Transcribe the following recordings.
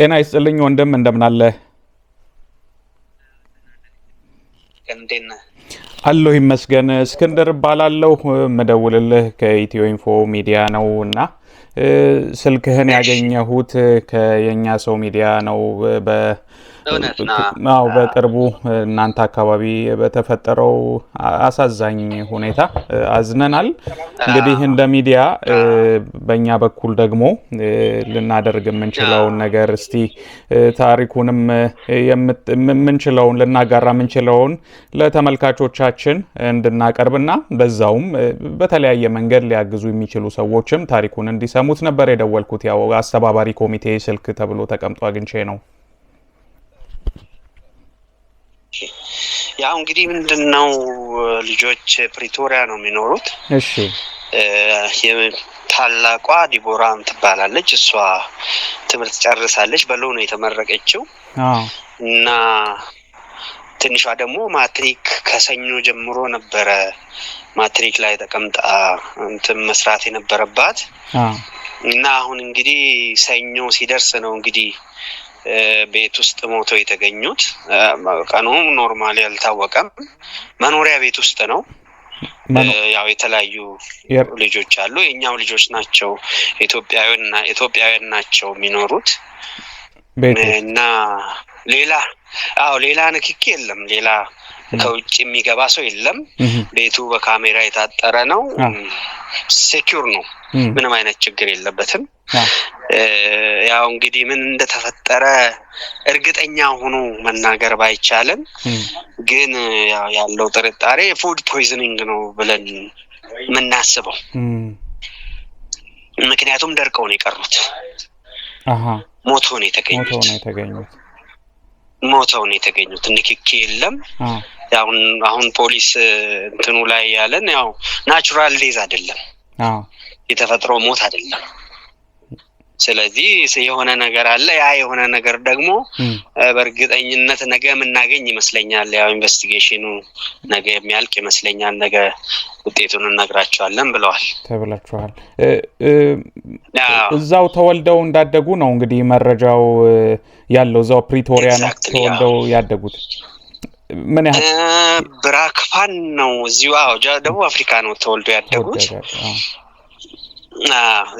ጤና ይስጥልኝ ወንድም እንደምናለ አለሁ ይመስገን። እስክንድር እባላለሁ። ምደውልልህ ከኢትዮ ኢንፎ ሚዲያ ነው እና ስልክህን ያገኘሁት ከየኛ ሰው ሚዲያ ነው። አዎ በቅርቡ እናንተ አካባቢ በተፈጠረው አሳዛኝ ሁኔታ አዝነናል። እንግዲህ እንደ ሚዲያ በእኛ በኩል ደግሞ ልናደርግ የምንችለውን ነገር እስቲ ታሪኩንም የምንችለውን ልናጋራ የምንችለውን ለተመልካቾቻችን እንድናቀርብና በዛውም በተለያየ መንገድ ሊያግዙ የሚችሉ ሰዎችም ታሪኩን እንዲሰሙት ነበር የደወልኩት። ያው አስተባባሪ ኮሚቴ ስልክ ተብሎ ተቀምጦ አግኝቼ ነው። ያው እንግዲህ ምንድን ነው ልጆች ፕሪቶሪያ ነው የሚኖሩት። እሺ ታላቋ ዲቦራም ትባላለች። እሷ ትምህርት ጨርሳለች፣ በሎ ነው የተመረቀችው እና ትንሿ ደግሞ ማትሪክ ከሰኞ ጀምሮ ነበረ ማትሪክ ላይ ተቀምጣ እንትን መስራት የነበረባት እና አሁን እንግዲህ ሰኞ ሲደርስ ነው እንግዲህ ቤት ውስጥ ሞተው የተገኙት ቀኑ ኖርማል ያልታወቀም መኖሪያ ቤት ውስጥ ነው። ያው የተለያዩ ልጆች አሉ። የእኛው ልጆች ናቸው። ኢትዮጵያውያን ናቸው የሚኖሩት እና ሌላ አዎ ሌላ ንክኪ የለም ሌላ ከውጭ የሚገባ ሰው የለም። ቤቱ በካሜራ የታጠረ ነው። ሴኪር ነው። ምንም አይነት ችግር የለበትም። ያው እንግዲህ ምን እንደተፈጠረ እርግጠኛ ሆኖ መናገር ባይቻልም ግን ያለው ጥርጣሬ ፉድ ፖይዝኒንግ ነው ብለን የምናስበው ምክንያቱም ደርቀው ነው የቀሩት። ሞቶ ነው የተገኙት። ሞተው ነው የተገኙት። ንክኪ የለም። አሁን አሁን ፖሊስ እንትኑ ላይ ያለን ያው ናቹራል ዴዝ አይደለም፣ የተፈጥሮ ሞት አይደለም። ስለዚህ የሆነ ነገር አለ። ያ የሆነ ነገር ደግሞ በእርግጠኝነት ነገ የምናገኝ ይመስለኛል። ያው ኢንቨስቲጌሽኑ ነገ የሚያልቅ ይመስለኛል። ነገ ውጤቱን እነግራቸዋለን ብለዋል ተብላችኋል። እዛው ተወልደው እንዳደጉ ነው እንግዲህ መረጃው ያለው። እዛው ፕሪቶሪያ ነው ተወልደው ያደጉት። ምን ያህል ብራክፋን ነው? እዚሁ ደቡብ አፍሪካ ነው ተወልዶ ያደጉት።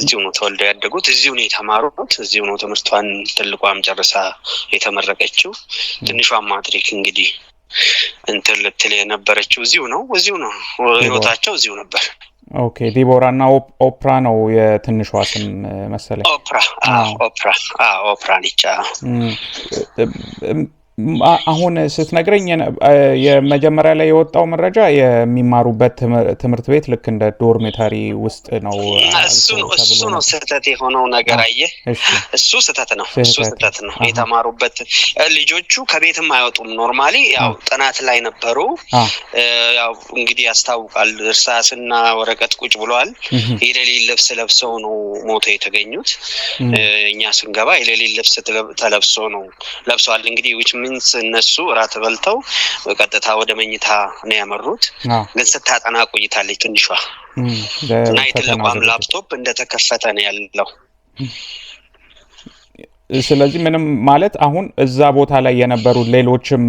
እዚሁ ነው ተወልደው ያደጉት። እዚሁ ነው የተማሩት። እዚሁ ነው ትምህርቷን ትልቋም ጨርሳ የተመረቀችው። ትንሿ ማትሪክ እንግዲህ እንትን ልትል የነበረችው እዚሁ ነው። እዚሁ ነው ህይወታቸው፣ እዚሁ ነበር። ኦኬ ዲቦራ እና ኦፕራ ነው የትንሿ ስም መሰለኝ። ኦፕራ ኦፕራ ኦፕራ ነች። አሁን ስትነግረኝ የመጀመሪያ ላይ የወጣው መረጃ የሚማሩበት ትምህርት ቤት ልክ እንደ ዶርሜታሪ ውስጥ ነው። እሱ ነው ስህተት የሆነው ነገር። አየ። እሱ ስህተት ነው። እሱ ስህተት ነው። የተማሩበት ልጆቹ ከቤትም አይወጡም። ኖርማሊ ያው ጥናት ላይ ነበሩ። ያው እንግዲህ ያስታውቃል። እርሳስና ወረቀት ቁጭ ብሏል። የሌሊት ልብስ ለብሰው ነው ሞተው የተገኙት። እኛ ስንገባ የሌሊት ልብስ ተለብሶ ነው ለብሰዋል። እንግዲህ ሚንስ እነሱ እራት በልተው ቀጥታ ወደ መኝታ ነው ያመሩት። ግን ስታጠና ቆይታለች ትንሿ እና የትልቋም ላፕቶፕ እንደተከፈተ ነው ያለው። ስለዚህ ምንም ማለት አሁን እዛ ቦታ ላይ የነበሩ ሌሎችም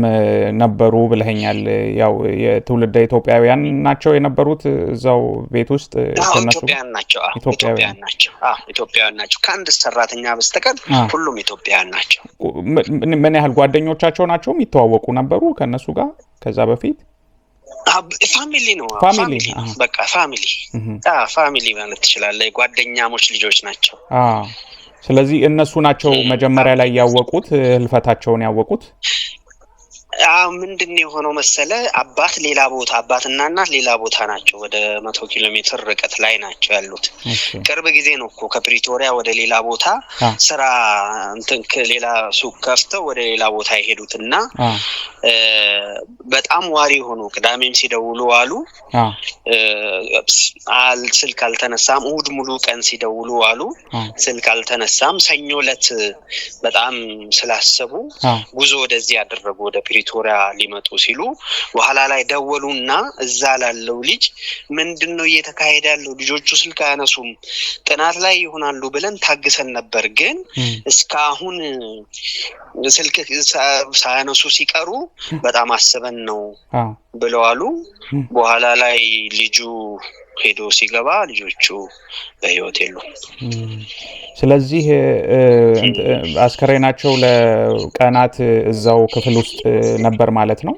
ነበሩ ብለኛል። ያው የትውልደ ኢትዮጵያውያን ናቸው የነበሩት እዛው ቤት ውስጥ ኢትዮጵያውያን ናቸው። ኢትዮጵያውያን ናቸው። ኢትዮጵያውያን ናቸው። ከአንድ ሰራተኛ በስተቀር ሁሉም ኢትዮጵያውያን ናቸው። ምን ያህል ጓደኞቻቸው ናቸው? የሚተዋወቁ ነበሩ ከእነሱ ጋር ከዛ በፊት ፋሚሊ ነው። ፋሚሊ በቃ ፋሚሊ ፋሚሊ ማለት ትችላለህ። ጓደኛሞች ልጆች ናቸው። ስለዚህ እነሱ ናቸው መጀመሪያ ላይ ያወቁት ህልፈታቸውን ያወቁት ምንድን የሆነው መሰለ አባት ሌላ ቦታ አባትና እናት ሌላ ቦታ ናቸው። ወደ መቶ ኪሎ ሜትር ርቀት ላይ ናቸው ያሉት። ቅርብ ጊዜ ነው እኮ ከፕሪቶሪያ ወደ ሌላ ቦታ ስራ እንትን ሌላ ሱቅ ከፍተው ወደ ሌላ ቦታ የሄዱት እና በጣም ዋሪ ሆኑ። ቅዳሜም ሲደውሉ አሉ ስልክ አልተነሳም። እሁድ ሙሉ ቀን ሲደውሉ አሉ ስልክ አልተነሳም። ሰኞ ዕለት በጣም ስላሰቡ ጉዞ ወደዚህ ያደረጉ ወደ ፕሪቶ ፕሪቶሪያ ሊመጡ ሲሉ በኋላ ላይ ደወሉና እዛ ላለው ልጅ ምንድን ነው እየተካሄደ ያለው? ልጆቹ ስልክ አያነሱም፣ ጥናት ላይ ይሆናሉ ብለን ታግሰን ነበር፣ ግን እስካሁን ስልክ ሳያነሱ ሲቀሩ በጣም አስበን ነው ብለዋሉ። በኋላ ላይ ልጁ ሄዶ ሲገባ ልጆቹ በህይወት የሉ። ስለዚህ አስከሬናቸው ለቀናት እዛው ክፍል ውስጥ ነበር ማለት ነው።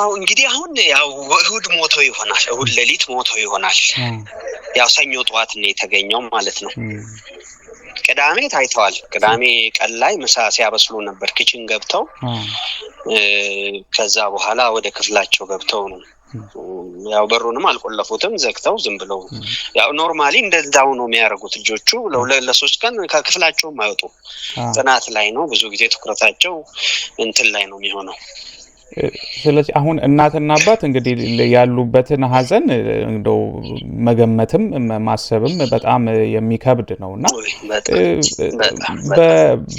አሁ እንግዲህ አሁን ያው እሁድ ሞተው ይሆናል፣ እሁድ ሌሊት ሞተው ይሆናል። ያው ሰኞ ጠዋት ነው የተገኘው ማለት ነው። ቅዳሜ ታይተዋል። ቅዳሜ ቀን ላይ ምሳ ሲያበስሉ ነበር ክችን ገብተው፣ ከዛ በኋላ ወደ ክፍላቸው ገብተው ነው ያው በሩንም አልቆለፉትም ዘግተው ዝም ብለው ያው ኖርማሊ እንደዛው ነው የሚያደርጉት ልጆቹ። ለሶስት ቀን ከክፍላቸውም አይወጡ ጥናት ላይ ነው ብዙ ጊዜ ትኩረታቸው እንትን ላይ ነው የሚሆነው። ስለዚህ አሁን እናትና አባት እንግዲህ ያሉበትን ሀዘን እንደው መገመትም ማሰብም በጣም የሚከብድ ነው እና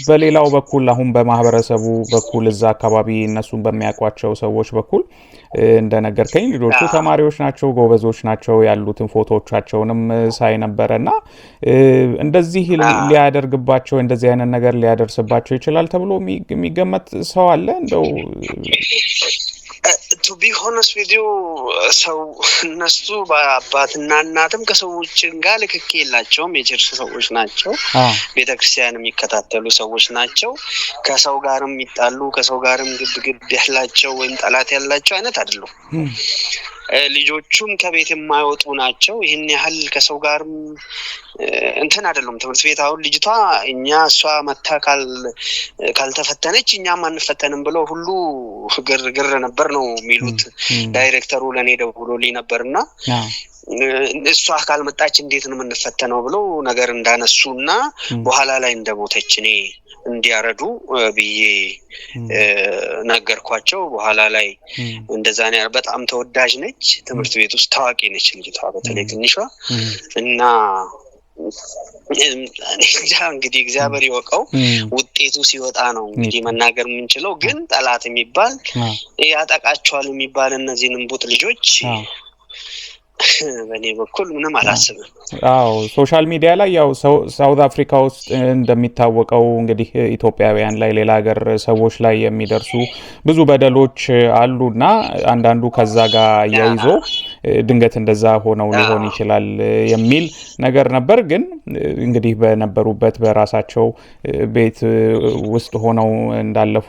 በሌላው በኩል አሁን በማህበረሰቡ በኩል እዛ አካባቢ እነሱን በሚያውቋቸው ሰዎች በኩል እንደነገርከኝ ልጆቹ ተማሪዎች ናቸው፣ ጎበዞች ናቸው። ያሉትን ፎቶዎቻቸውንም ሳይ ነበረ እና እንደዚህ ሊያደርግባቸው እንደዚህ አይነት ነገር ሊያደርስባቸው ይችላል ተብሎ የሚገመት ሰው አለ እንደው ቱ ቢ ሆነስ ቪዲዮ ሰው እነሱ በአባትና እናትም ከሰዎችን ጋር ልክክ የላቸውም። የጀርስ ሰዎች ናቸው። ቤተክርስቲያን የሚከታተሉ ሰዎች ናቸው። ከሰው ጋርም የሚጣሉ ከሰው ጋርም ግብ ግብ ያላቸው ወይም ጠላት ያላቸው አይነት አይደሉም። ልጆቹም ከቤት የማይወጡ ናቸው። ይህን ያህል ከሰው ጋርም እንትን አይደሉም። ትምህርት ቤት አሁን ልጅቷ እኛ እሷ መታ ካልተፈተነች እኛም አንፈተንም ብለው ሁሉ ግር ነበር ነው የሚሉት። ዳይሬክተሩ ለእኔ ደውሎልኝ ነበር እና እሷ ካልመጣች እንዴት ነው የምንፈተነው ብለው ነገር እንዳነሱ እና በኋላ ላይ እንደሞተች እኔ እንዲያረዱ ብዬ ነገርኳቸው። በኋላ ላይ እንደዛ በጣም ተወዳጅ ነች፣ ትምህርት ቤት ውስጥ ታዋቂ ነች ልጅቷ፣ በተለይ ትንሿ እና እንግዲህ እግዚአብሔር ይወቀው። ውጤቱ ሲወጣ ነው እንግዲህ መናገር የምንችለው። ግን ጠላት የሚባል ያጠቃቸዋል የሚባል እነዚህን ቡጥ ልጆች በእኔ በኩል ምንም አላስብም። አዎ ሶሻል ሚዲያ ላይ ያው ሳውት አፍሪካ ውስጥ እንደሚታወቀው እንግዲህ ኢትዮጵያውያን ላይ ሌላ ሀገር ሰዎች ላይ የሚደርሱ ብዙ በደሎች አሉና አንዳንዱ ከዛ ጋር አያይዞ ድንገት እንደዛ ሆነው ሊሆን ይችላል የሚል ነገር ነበር። ግን እንግዲህ በነበሩበት በራሳቸው ቤት ውስጥ ሆነው እንዳለፉ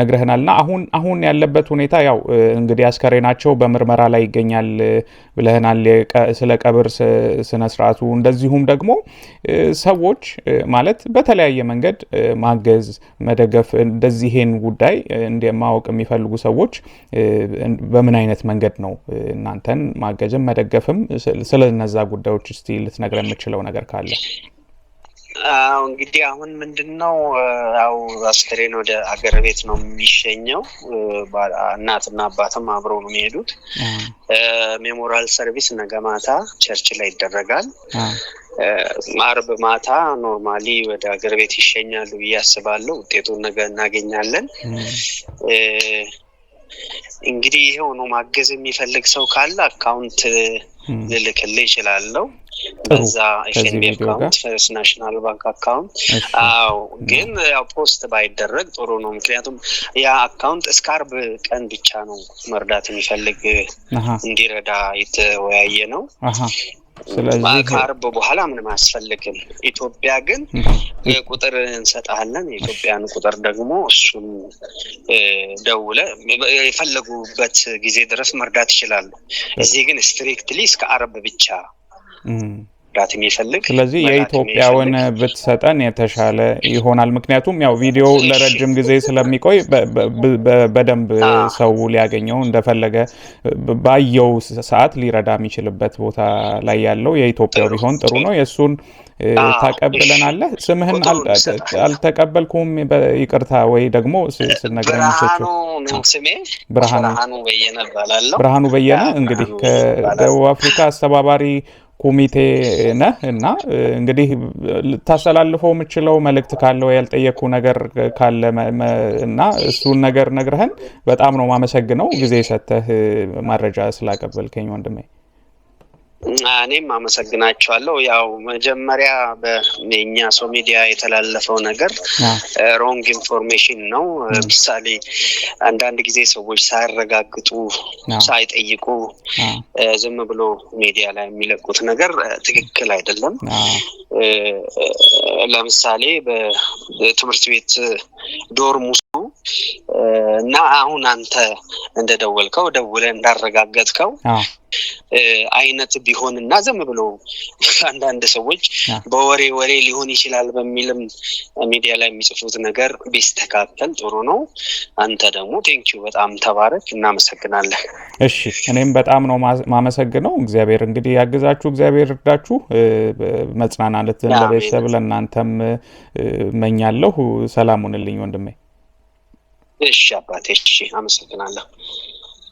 ነግረህናልና አሁን አሁን ያለበት ሁኔታ ያው እንግዲህ አስከሬናቸው በምርመራ ላይ ይገኛል ብለህናል። ስለ ቀብር ስነ እንደዚሁም ደግሞ ሰዎች ማለት በተለያየ መንገድ ማገዝ፣ መደገፍ እንደዚህን ጉዳይ እንደማወቅ የሚፈልጉ ሰዎች በምን አይነት መንገድ ነው እናንተን ማገዝም መደገፍም ስለነዛ ጉዳዮች ስ ልትነግረ የምችለው ነገር ካለ? አዎ እንግዲህ አሁን ምንድን ነው ያው ወደ አገር ቤት ነው የሚሸኘው። እናትና አባትም አብረው ነው የሚሄዱት። ሜሞራል ሰርቪስ ነገ ማታ ቸርች ላይ ይደረጋል። አርብ ማታ ኖርማሊ ወደ አገር ቤት ይሸኛሉ ብዬ አስባለሁ። ውጤቱን ነገ እናገኛለን። እንግዲህ ይሄ ነው። ማገዝ የሚፈልግ ሰው ካለ አካውንት ልልክልህ ይችላለው። በዛ ኤፍኤንቢ አካውንት ፈርስት ናሽናል ባንክ አካውንት። አዎ፣ ግን ያው ፖስት ባይደረግ ጥሩ ነው። ምክንያቱም ያ አካውንት እስከ አርብ ቀን ብቻ ነው መርዳት የሚፈልግ እንዲረዳ የተወያየ ነው። ከአርብ በኋላ ምንም አያስፈልግም። ኢትዮጵያ ግን ቁጥር እንሰጣለን። የኢትዮጵያን ቁጥር ደግሞ እሱን ደውለ የፈለጉበት ጊዜ ድረስ መርዳት ይችላሉ። እዚህ ግን ስትሪክትሊ እስከ አርብ ብቻ መርዳት የሚፈልግ ስለዚህ የኢትዮጵያውን ብትሰጠን የተሻለ ይሆናል። ምክንያቱም ያው ቪዲዮ ለረጅም ጊዜ ስለሚቆይ በደንብ ሰው ሊያገኘው እንደፈለገ ባየው ሰዓት ሊረዳ የሚችልበት ቦታ ላይ ያለው የኢትዮጵያው ቢሆን ጥሩ ነው። የእሱን ታቀብለናለህ። ስምህን አልተቀበልኩም፣ ይቅርታ። ወይ ደግሞ ስነግረኝ ብርሃኑ በየነ ብርሃኑ በየነ እንግዲህ ከደቡብ አፍሪካ አስተባባሪ ኮሚቴ ነህ እና እንግዲህ ልታስተላልፈው የምችለው መልእክት ካለው ያልጠየኩ ነገር ካለ እና እሱን ነገር ነግረህን በጣም ነው ማመሰግነው ጊዜ ሰተህ ማረጃ ስላቀበልከኝ ወንድሜ። እኔም አመሰግናቸዋለሁ። ያው መጀመሪያ በኛ ሰው ሚዲያ የተላለፈው ነገር ሮንግ ኢንፎርሜሽን ነው። ምሳሌ አንዳንድ ጊዜ ሰዎች ሳያረጋግጡ ሳይጠይቁ ዝም ብሎ ሚዲያ ላይ የሚለቁት ነገር ትክክል አይደለም። ለምሳሌ በትምህርት ቤት ዶርም ውስጥ እና አሁን አንተ እንደደወልከው ደውለ እንዳረጋገጥከው አይነት ቢሆን እና ዘም ብሎ አንዳንድ ሰዎች በወሬ ወሬ ሊሆን ይችላል በሚልም ሚዲያ ላይ የሚጽፉት ነገር ቢስተካከል ጥሩ ነው። አንተ ደግሞ ቴንኪዩ በጣም ተባረክ፣ እናመሰግናለን። እሺ እኔም በጣም ነው ማመሰግነው። እግዚአብሔር እንግዲህ ያግዛችሁ፣ እግዚአብሔር እርዳችሁ። መጽናና ለአንተና ለትህን ለቤተሰብ ለእናንተም መኛለሁ። ሰላሙንልኝ ወንድሜ። እሺ አባቴ፣ እሺ አመሰግናለሁ።